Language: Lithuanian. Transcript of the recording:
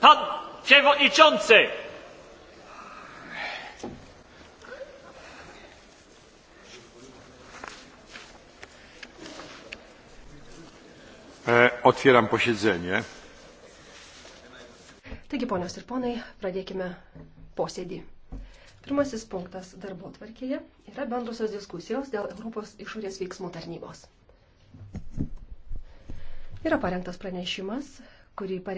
Pan przewodniczący! E, otwieram posiedzenie. Taigi, ponios ir ponai, pradėkime posėdį. Pirmasis punktas darbo tvarkėje yra bendrusios diskusijos dėl Europos išorės veiksmų tarnybos. Yra parengtas pranešimas, kurį parengė.